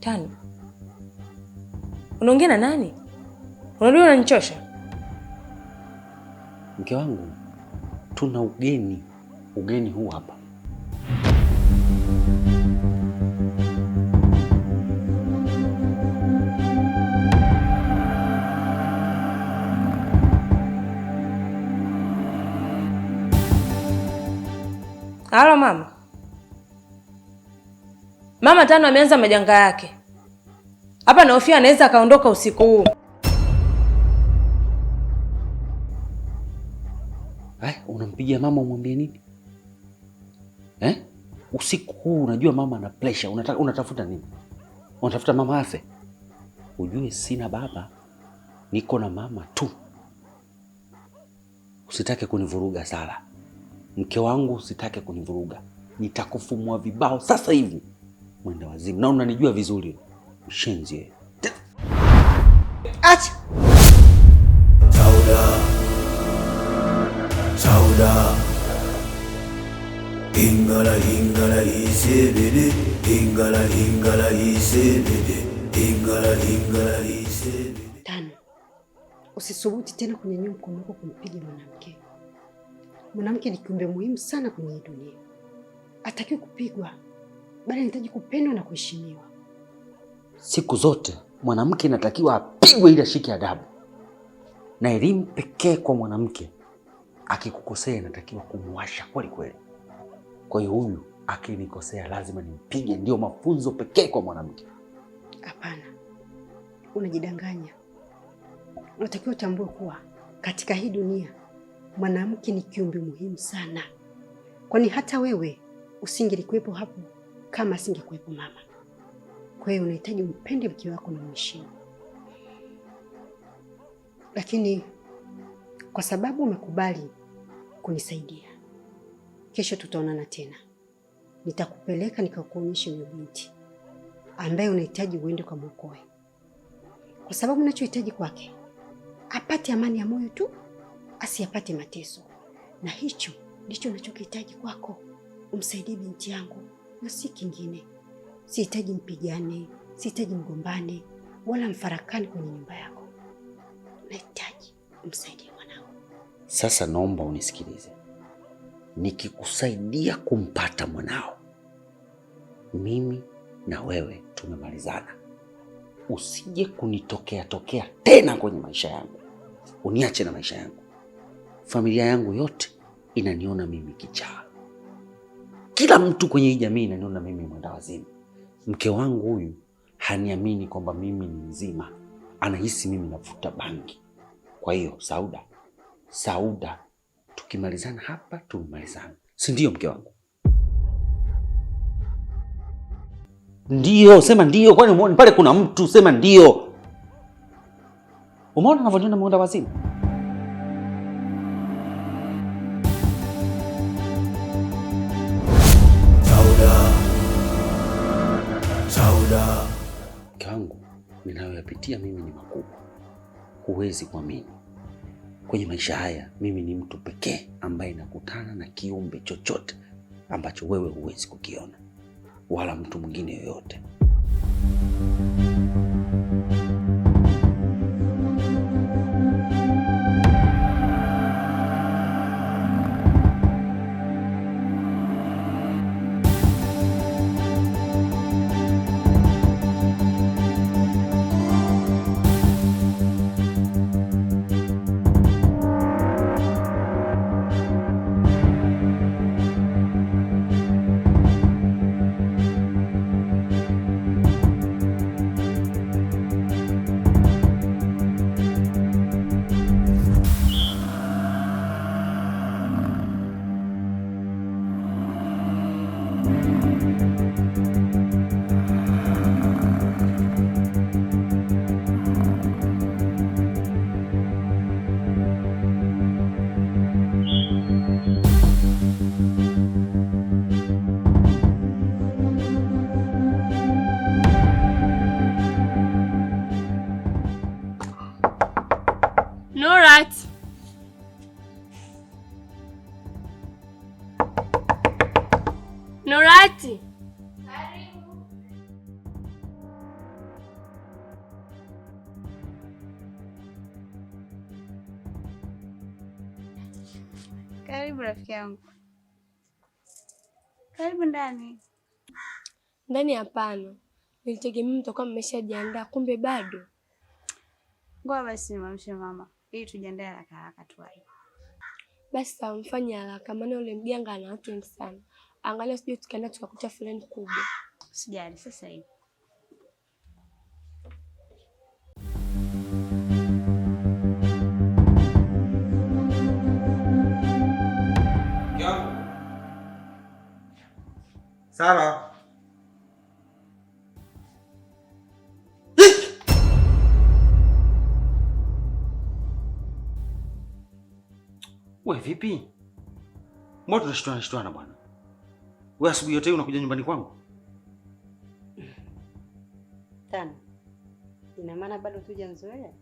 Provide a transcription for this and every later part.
Tano, unaongea na nani? Unajua unanichosha. Mke wangu, tuna ugeni. Ugeni huu hapa. Halo mama. Mama Tano ameanza majanga yake hapa, naofia anaweza akaondoka usiku huu. Ay, eh, unampigia mama umwambie nini eh? Usiku huu unajua mama ana pressure. Unataka unatafuta nini? Unatafuta mama afe? Ujue sina baba, niko na mama tu. Usitake kunivuruga sala mke wangu, usitake kunivuruga, nitakufumua vibao sasa hivi mwenda wazimu, na unanijua vizuri, mshenzi. Acha Sauda, Sauda ingala ingala isebele ingala ingala isebele ingala ingala isebele. Tano, usisubuti tena kunyanyua mkono wako kumpiga mwanamke. Mwanamke ni kiumbe muhimu sana kwenye dunia, atakiwe kupigwa bali nahitaji kupendwa na kuheshimiwa. Siku zote mwanamke inatakiwa apigwe ili ashike adabu, na elimu pekee kwa mwanamke, akikukosea inatakiwa kumwasha kweli kweli. Kwa hiyo huyu akinikosea lazima nimpige, ndio mafunzo pekee kwa mwanamke. Hapana, unajidanganya. Unatakiwa utambue kuwa katika hii dunia mwanamke ni kiumbe muhimu sana, kwani hata wewe usingelikuwepo hapo kama singekuwepo mama. Kwa hiyo unahitaji umpende mke wako na mheshimu, lakini kwa sababu umekubali kunisaidia, kesho tutaonana tena, nitakupeleka nikakuonyesha huyo binti ambaye unahitaji uende kwa mwokoe, kwa sababu nachohitaji kwake apate amani ya moyo tu, asiyapate mateso, na hicho ndicho nachokihitaji kwako. Umsaidie binti yangu na si kingine. Sihitaji mpigane, sihitaji mgombane wala mfarakani kwenye nyumba yako. Nahitaji umsaidie mwanao Sasa naomba unisikilize, nikikusaidia kumpata mwanao, mimi na wewe tumemalizana. Usije kunitokea tokea tena kwenye maisha yangu, uniache na maisha yangu. Familia yangu yote inaniona mimi kichaa kila mtu kwenye hii jamii inaniona mimi mwenda wazimu. Mke wangu huyu haniamini kwamba mimi ni mzima, anahisi mimi navuta bangi. Kwa hiyo Sauda, Sauda, tukimalizana hapa tumalizana, si ndio? Mke wangu ndio, sema ndio. Kwani umeona pale kuna mtu? Sema ndio. Umeona anavyoniona mwenda wazimu. ninayoyapitia mimi ni makubwa, huwezi kuamini. Kwenye maisha haya mimi ni mtu pekee ambaye nakutana na kiumbe chochote ambacho wewe huwezi kukiona wala mtu mwingine yoyote. ndani? Ndani hapana, nilitegemea mtakuwa mmeshajiandaa, kumbe bado. Ngoja basi mamshe mama ili tujiandae haraka haraka tu. Basi sawa, mfanye haraka, maana yule mganga ana watu wengi sana. Angalia, sijui tukaenda tukakuta fulani kubwa. Sijali sasa hivi. Sara. We vipi? Mbona tunashitwana shitwana bwana? we asubuhi yote unakuja nyumbani kwangu? Tano. Ina maana bado hujazoea?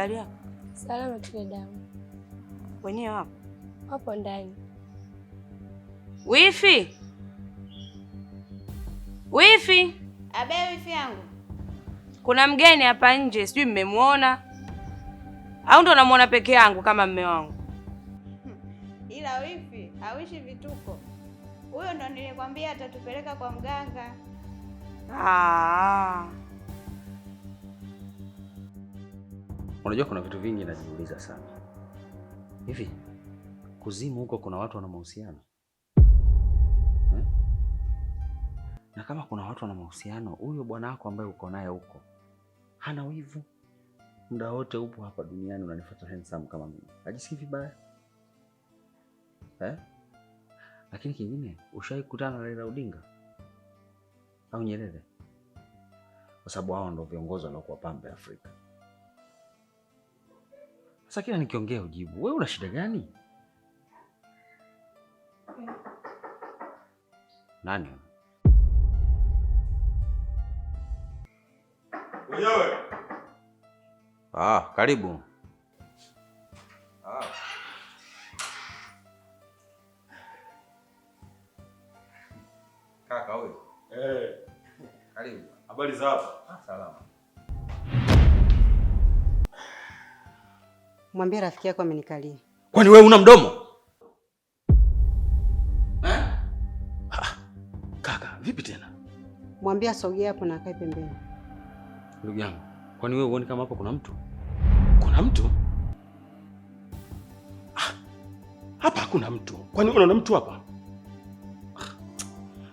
Habari yako? Salama tu damu. Wenyewe wapo? Wapo ndani. Wifi, wifi, abe wifi yangu, kuna mgeni hapa nje, sijui mmemwona au ndo namwona peke yangu kama mme wangu? Hmm, ila wifi, hawishi vituko. Huyo ndo nilikwambia atatupeleka kwa mganga. Ah. Unajua kuna vitu vingi najiuliza sana. Hivi kuzimu huko kuna watu wana mahusiano eh? Na kama kuna watu wana mahusiano, huyo bwana wako ambaye uko naye huko hana wivu, muda wote upo hapa duniani unanifuata handsome kama mimi, hajisikii vibaya eh? Lakini kingine, ushawahi kukutana na Raila Odinga au Nyerere? Kwa sababu hao ndio viongozi wanaokuwa pambe Afrika. Sasa kila nikiongea ujibu, wewe una shida gani? Nani? Wewe. Ah, karibu. Ah. Kaka wewe. Eh. Karibu. Habari za hapa? Ah, salama. Mwambie rafiki yako amenikalia. Kwani wewe una mdomo eh? Ha, kaka vipi tena? Mwambie asogee hapo na akae pembeni. Ndugu yangu, kwani wewe uone kama hapo kuna mtu? Kuna mtu ah, hapa hakuna mtu. Kwani unaona mtu hapa? Ah,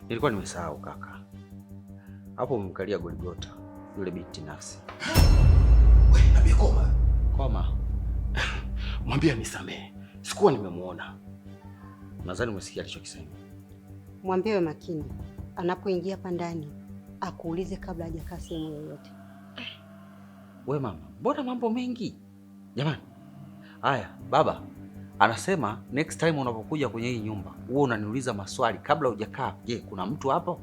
nilikuwa nimesahau kaka, hapo umemkalia Goligota yule binti nafsi. Wewe na Koma. Mwambie nisamee sikuwa nimemuona. Nadhani umesikia alichokisema. Mwambie we makini, anapoingia hapa ndani akuulize kabla hajakaa sehemu yoyote. We mama, mbona mambo mengi jamani? Haya baba anasema next time unapokuja kwenye hii nyumba huo unaniuliza maswali kabla hujakaa. Je, kuna mtu hapo?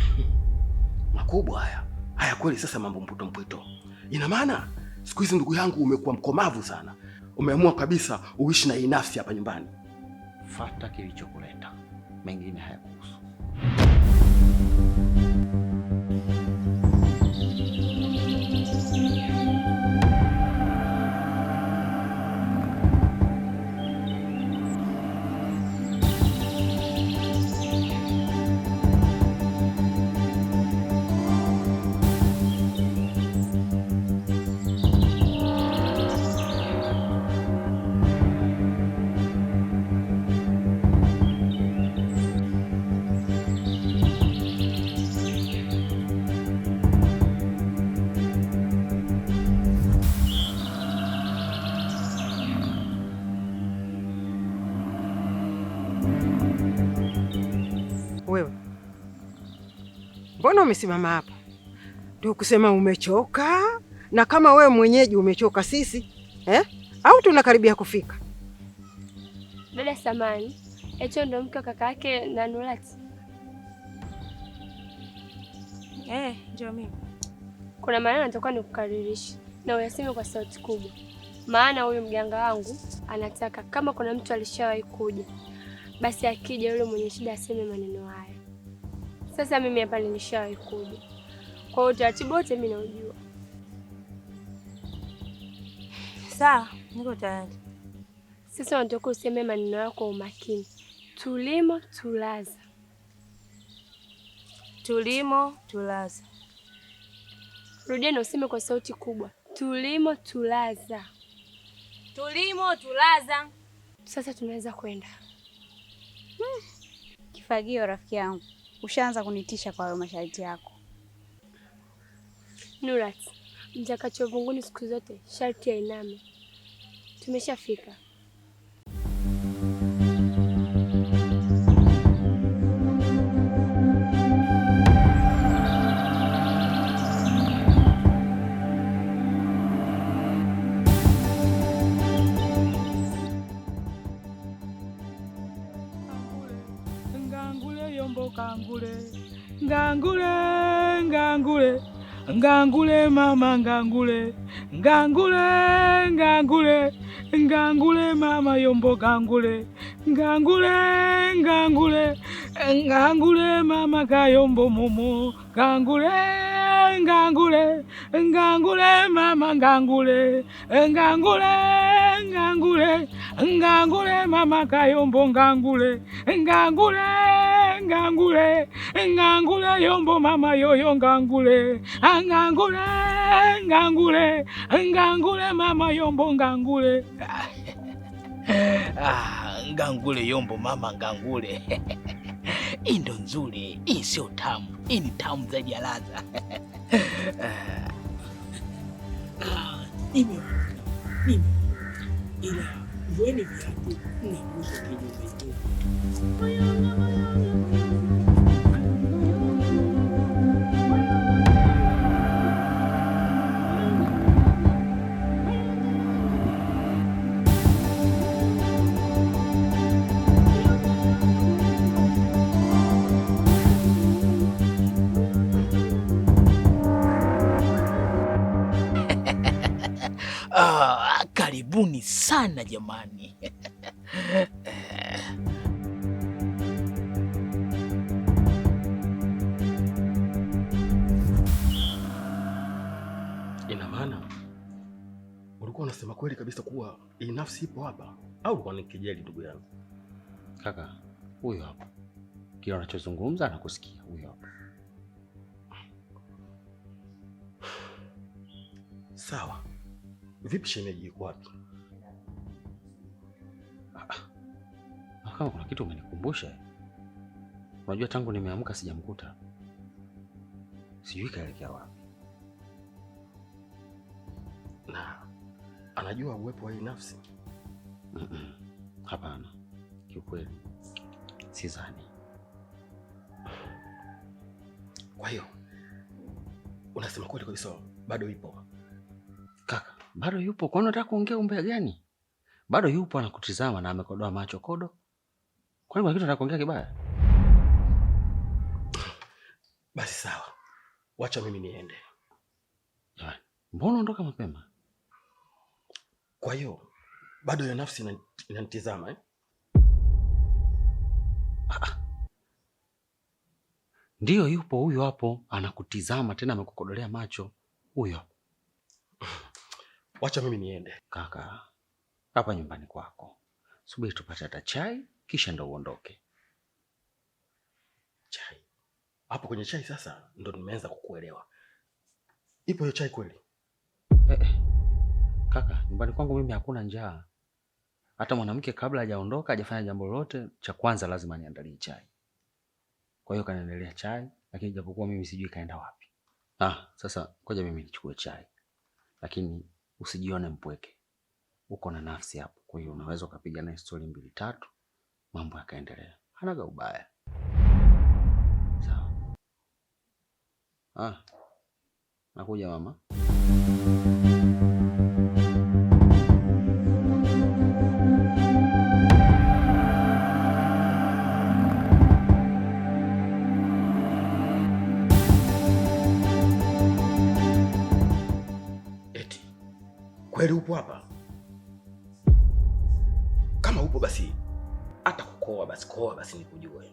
Makubwa haya haya kweli. Sasa mambo mpwito mpwito, ina maana siku hizi ndugu yangu umekuwa mkomavu sana umeamua kabisa uishi na inafsi hapa nyumbani. Fata kilichokuleta, mengine hayakuhusu. mbona umesimama hapa? Ndio kusema umechoka? Na kama wewe mwenyeji umechoka sisi eh? Au tunakaribia kufika? Dada Samani, hicho ndio mke wa kaka yake na Nurati. Eh, ndio mimi. Kuna maana natakuwa nikukaririsha na uyaseme kwa sauti kubwa, maana huyu mganga wangu anataka kama kuna mtu alishawahi kuja basi akija yule mwenye shida aseme maneno haya. Sasa mimi hapa nilishawahi kuja, kwa hiyo utaratibu wote mimi naujua. Sawa, niko tayari. Sasa unatakiwa useme maneno yako kwa umakini. Tulimo tulaza, tulimo tulaza. Rudia na useme kwa sauti kubwa, tulimo tulaza, tulimo tulaza. Sasa tunaweza kwenda. Hmm. Kifagio rafiki yangu. Ushaanza kunitisha kwa hayo masharti yako. Nurat, mtakacho vunguni siku zote sharti ya iname. Tumeshafika. Ngangule, ngangule, ngangule mama, ngangule, ngangule, ngangule, ngangule mama yombo, ngangule, ngangule, ngangule, ngangule mama kayombo momo, ngangule ngangule ngangule mama ngangule ngangule ngangule ngangule mama kayombo ngangule ngangule ngangule ngangule yombo mama yoyo ngangule ngangule ngangule ngangule mama yombo ngangule ngangule yombo mama ngangule hii ndo nzuri, hii sio tamu, hii ni tamu zaidi ya ladha. sana jamani. Eh. Ina maana ulikuwa unasema kweli kabisa kuwa hii nafsi ipo hapa, au kwanikijeli? Ndugu yangu kaka, huyo hapa, kila na anakusikia huyo hapa. Sawa, vipi shemeji, yuko wapi? kama kuna kitu umenikumbusha. Unajua, tangu nimeamka sijamkuta, sijui kaelekea wapi, na anajua uwepo wa hii nafsi mm -mm. Hapana, kiukweli sidhani. Kwa hiyo unasema kweli kabisa, bado ipo kaka? Bado yupo. Kwani unataka kuongea umbea gani? Bado yupo, anakutizama na amekodoa macho kodo Kwani Mwakitu anakuongea kibaya? Basi sawa, wacha mimi niende. Mbona ondoka mapema? Kwa hiyo bado ile nafsi inanitizama eh? Ah, ah. ndiyo, yupo huyo hapo anakutizama, tena amekukodolea macho huyo. Wacha mimi niende kaka, hapa nyumbani kwako, subiri tupate hata chai kisha ndo uondoke. Chai hapo kwenye chai, sasa ndo nimeanza kukuelewa. Ipo hiyo chai kweli? Eh, eh. Kaka, nyumbani kwangu mimi hakuna njaa. Hata mwanamke kabla hajaondoka hajafanya jambo lolote, cha kwanza lazima niandalie chai. Kwa hiyo kanaendelea chai, lakini japokuwa mimi sijui kaenda wapi. Ah, sasa ngoja mimi nichukue chai, lakini usijione mpweke, uko na nafsi hapo. Kwa hiyo unaweza ukapiga naye stori mbili tatu mambo yakaendelea. Hanaga ubaya. Sawa. Ah. Nakuja mama. Eti kweli upo hapa? Kama upo basi Koa basi, koa basi nikujue.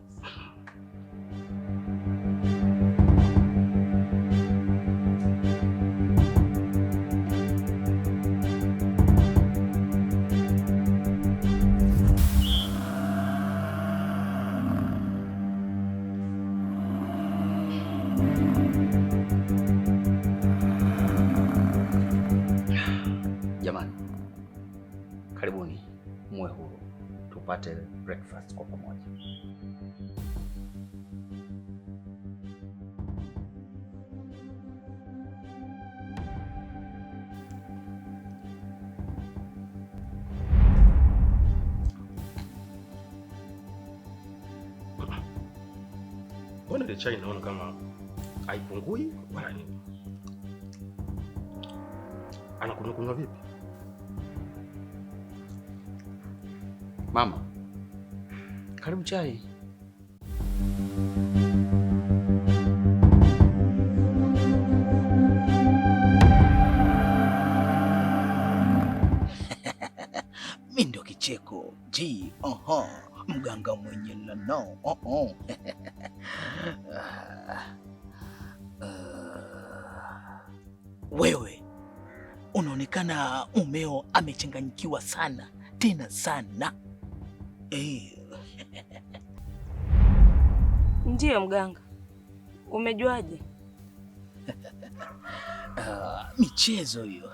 Jamani, karibuni muwe huru tupate breakfast kwa pamoja. Mbona ile chai naona kama haipungui wala nini? Anakunywa kunywa vipi mama? Karibu chai. Mi ndo kicheko ji oho, mganga mwenye lano oho. Wewe unaonekana mumeo amechanganyikiwa sana tena sana eh. Ndiyo mganga, umejuaje? Uh, michezo hiyo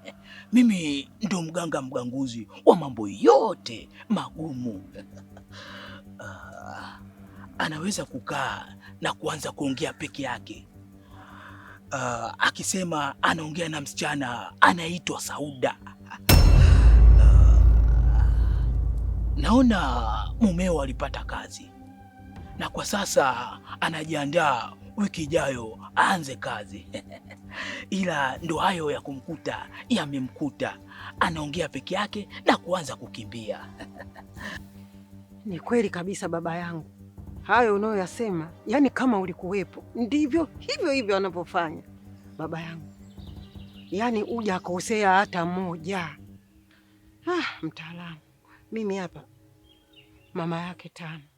mimi ndo mganga mganguzi wa mambo yote magumu. Uh, anaweza kukaa na kuanza kuongea peke yake. Uh, akisema anaongea na msichana anaitwa Sauda Naona mumeo alipata kazi na kwa sasa anajiandaa wiki ijayo aanze kazi ila ndo hayo ya kumkuta yamemkuta, anaongea peke yake na kuanza kukimbia. Ni kweli kabisa baba yangu, hayo unayoyasema, yaani kama ulikuwepo, ndivyo hivyo hivyo anavyofanya baba yangu, yaani uja akosea hata moja. Ah, mtaalamu mimi hapa mama yake tano.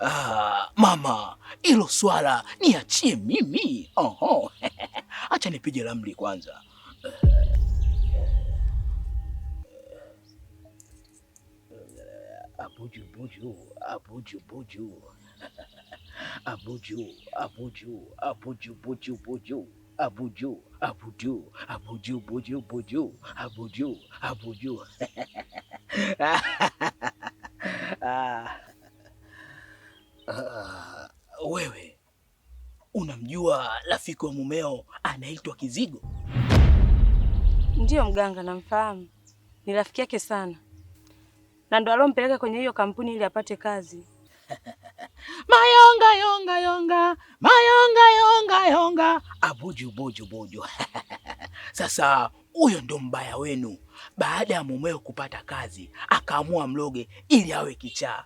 Ah, mama, hilo swala niachie mimi. Oho. Acha nipige ramli kwanza. Eh, abuju, buju, abuju, buju. Abuju, abuju, abuju, buju, buju abuju abuju abuju buju buju abuju abuju Uh, wewe unamjua rafiki wa mumeo anaitwa Kizigo? Ndiyo mganga, namfahamu, ni rafiki yake sana, na ndo alompeleka kwenye hiyo kampuni ili apate kazi mayonga yonga yonga mayonga yonga yonga abuju buju buju. Sasa huyo ndo mbaya wenu, baada ya mumeo kupata kazi akaamua mloge ili awe kichaa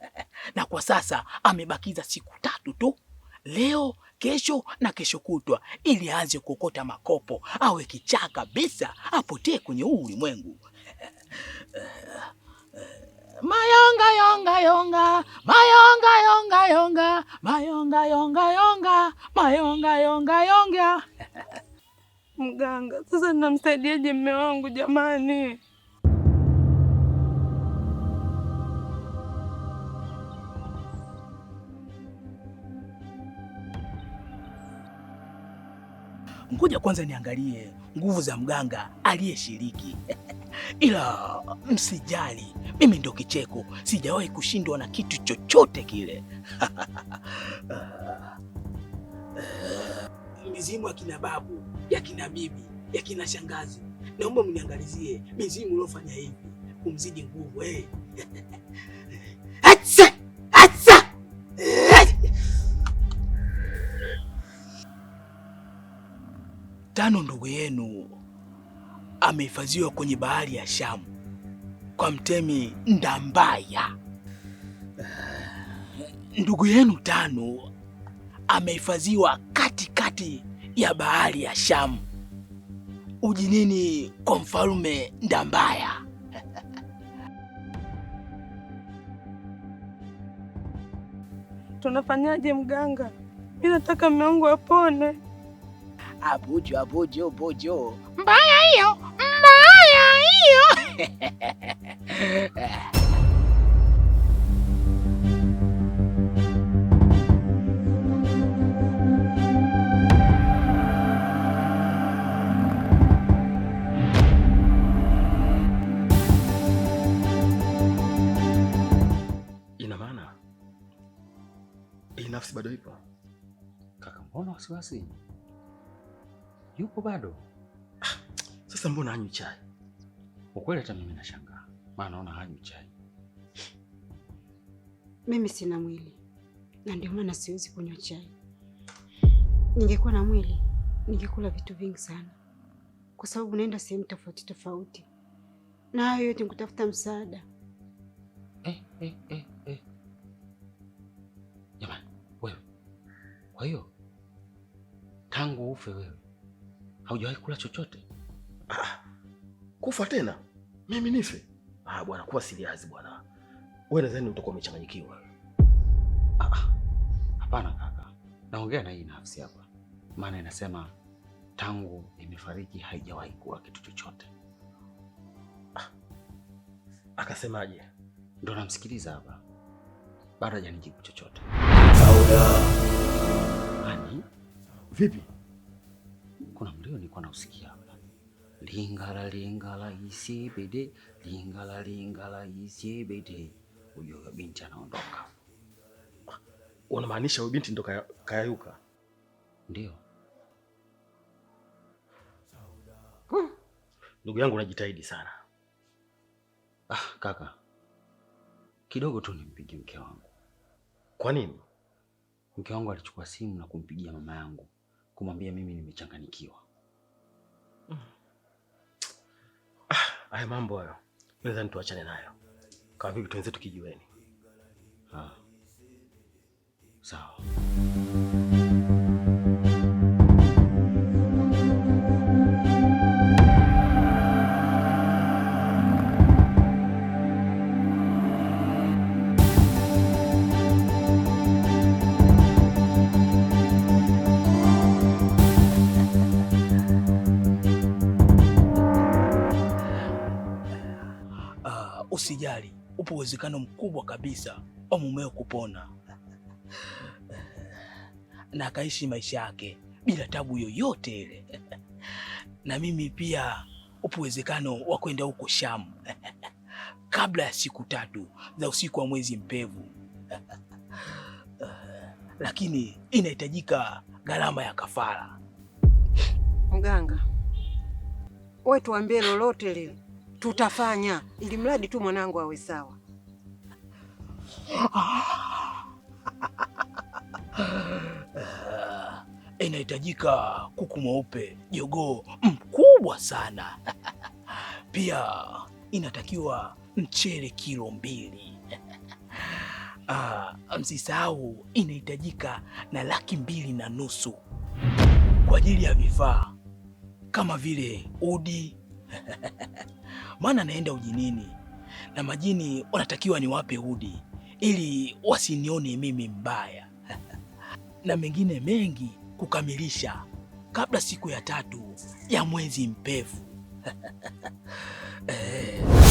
na kwa sasa amebakiza siku tatu tu, leo kesho na kesho kutwa, ili aanze kuokota makopo, awe kichaa kabisa, apotee kwenye huu ulimwengu. Mayonga yonga yonga mayonga yonga yonga mayonga yonga yonga mayonga yonga yonga. Mganga, sasa namsaidiaje mme wangu jamani? ngoja kwanza niangalie nguvu za mganga aliyeshiriki. Ila msijali, mimi ndio kicheko, sijawahi kushindwa na kitu chochote kile. Mizimu ya kina babu, ya kina bibi, ya kina shangazi, naomba mniangalizie mizimu uliofanya hivi kumzidi nguvu eh. Tano ndugu yenu amehifadhiwa kwenye bahari ya Shamu kwa mtemi Ndambaya. Ndugu yenu Tano amehifadhiwa katikati ya bahari ya Shamu ujinini kwa mfalume Ndambaya. Tunafanyaje mganga? Mimi nataka mume wangu apone. Abujo, abujo, bojo Mbaya hiyo, mbaya hiyo. Ina maana nafsi bado ipo kaka, mbona wasiwasi? yupo bado. Ah, sasa mbona hanywi chai? Ukweli hata mimi nashangaa, maana naona hanywi chai. Mimi sina mwili na ndio maana siwezi kunywa chai. Ningekuwa na mwili ningekula vitu vingi sana, kwa sababu naenda sehemu tofauti tofauti, na hayo yote nikutafuta msaada. Eh, eh, eh, eh. Jamani wewe, kwa hiyo tangu ufe wewe haujawahi kula chochote? Ah, kufa tena mimi nife? Ah bwana, kuwa siliazi bwana, we nadhani utakuwa umechanganyikiwa. Ah, ah, hapana kaka, naongea na hii nafsi hapa, maana inasema tangu imefariki haijawahi kula kitu chochote. Ah, akasemaje? Ndo namsikiliza hapa, bado hajanijibu chochote. Sauda. Vipi? kuna mlio nilikuwa nausikia lingala lingala isibidi lingala lingala isibidi. Huyo binti anaondoka. Unamaanisha huyo binti ndo kayayuka? Ndio hmm. ndugu yangu, unajitahidi sana. Ah, kaka, kidogo tu nimpige mke wangu. Kwa nini? Mke wangu alichukua simu na kumpigia mama yangu kumwambia mimi nimechanganyikiwa. Ah, haya mambo hayo nadhani tuachane nayo, kama vipi tuenze tukijiweni. Ah. Sawa. usijali, upo uwezekano mkubwa kabisa wa mumeo kupona na akaishi maisha yake bila tabu yoyote ile. na mimi pia upo uwezekano wa kwenda huko Shamu kabla ya siku tatu za usiku wa mwezi mpevu lakini inahitajika gharama ya kafara. Mganga, wewe tuambie lolote lile tutafanya ili mradi tu mwanangu awe sawa. Ah. Inahitajika kuku mweupe jogoo mkubwa sana pia inatakiwa mchele kilo mbili. Uh, msisahau inahitajika na laki mbili na nusu kwa ajili ya vifaa kama vile udi maana naenda ujinini na majini wanatakiwa niwape udi ili wasinione mimi mbaya na mengine mengi kukamilisha kabla siku ya tatu ya mwezi mpevu. Eh.